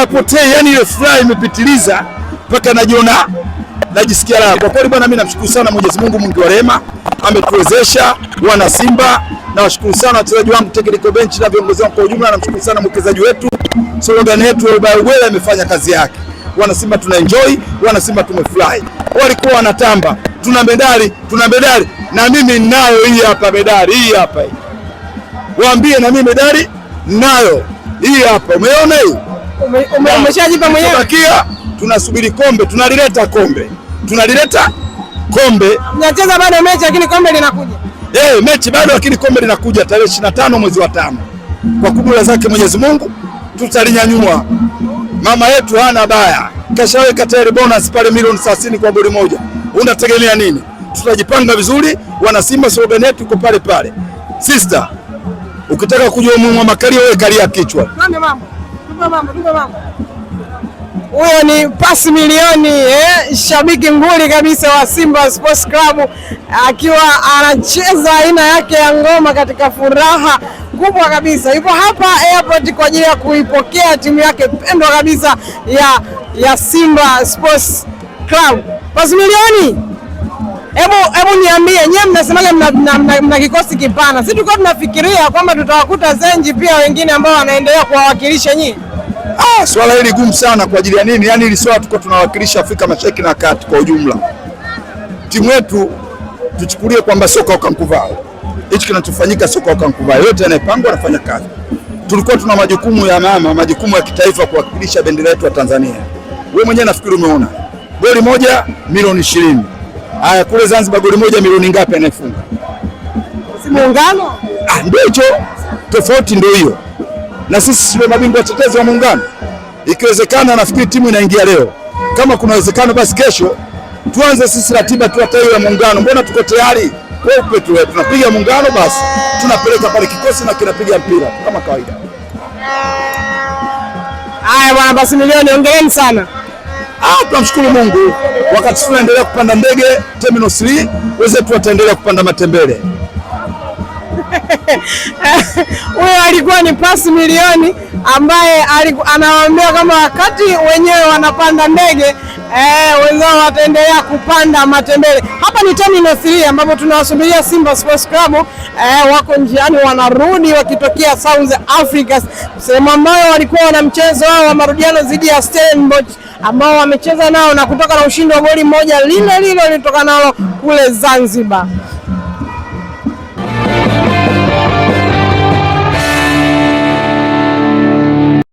apotee yani ile furaha imepitiliza mpaka najiona najisikia raha kwa kweli bwana. Mimi namshukuru sana Mwenyezi Mungu Mungu wa rehema, ametuwezesha wana Simba. Nawashukuru sana wachezaji wangu technical bench na viongozi wangu kwa ujumla. Namshukuru sana mwekezaji wetu, slogan yetu Elbaegwela amefanya kazi yake. Wana Simba tuna enjoy, wana Simba tumefurahi. Walikuwa wanatamba tuna medali, tuna medali na mimi nayo. Hii hapa medali, hii hapa hii, waambie na mimi medali nayo hii hapa, umeona hii umeshajipa mwenyewe. Tunabakia tunasubiri kombe, tunalileta kombe, tunalileta kombe. Mnacheza bado mechi lakini kombe linakuja. Eh, mechi bado lakini kombe linakuja tarehe 25 mwezi wa tano. Kwa kudura zake Mwenyezi Mungu tutalinyanyua. Mama yetu hana baya, kashaweka tayari bonus pale milioni 30 kwa goli moja. Unategemea nini? Tutajipanga vizuri, wana Simba slogan yetu iko pale pale. Sister, Ukitaka kujua umuhimu makali wewe kalia kichwa. Huyo ni pasi milioni eh, shabiki nguli kabisa wa Simba Sports Club akiwa anacheza aina yake ya ngoma katika furaha kubwa kabisa. Yupo hapa airport kwa ajili ya kuipokea timu yake pendwa kabisa ya, ya Simba Sports Club. Pasi milioni Hebu hebu niambie nyewe, mnasemaje? Mna, mna, mna, mna kikosi kipana, si tulikuwa tunafikiria kwamba tutawakuta zenji pia wengine ambao wanaendelea kuwawakilisha nyinyi. Ah, swala hili gumu sana kwa ajili ya nini? Yaani hili swala tuko tunawakilisha Afrika Mashariki na Kati kwa ujumla. Timu yetu tuchukulie kwamba soka ukankuvaa hichi kinachofanyika soka ukankuvaa, yote yanayopangwa anafanya kazi. Tulikuwa tuna majukumu ya mama, majukumu ya kitaifa kuwakilisha bendera yetu ya Tanzania. Wewe mwenyewe nafikiri umeona goli moja milioni ishirini Haya, kule Zanzibar goli moja milioni ngapi anayefunga? Si muungano? Ah, ndio hicho. Tofauti ndio hiyo. Na sisi sio mabingwa watetezi wa muungano. Ikiwezekana nafikiri timu inaingia leo. Kama kuna uwezekano basi kesho tuanze sisi ratiba tu hata ya muungano. Mbona tuko tayari? Kweupe tu tunapiga muungano basi. Tunapeleka pale kikosi na kinapiga mpira kama kawaida. Haya bwana, basi milioni, ongeleni sana. Ah, tunamshukuru Mungu, wakati tunaendelea kupanda ndege Terminal 3, wenzetu wataendelea kupanda matembele. Huyo alikuwa ni pasi milioni ambaye anawaambia kama wakati wenyewe wanapanda ndege eh, wenzao wataendelea kupanda matembele hapa ni terminal 3 ambapo tunawasubiria Simba Sports Club eh, wako njiani wanarudi wakitokea South Africa, sehemu ambayo walikuwa wana mchezo wao wa marudiano dhidi ya Stellenbosch ambao wamecheza nao na kutoka na ushindi wa goli moja lile lile lilitokana nalo kule Zanzibar.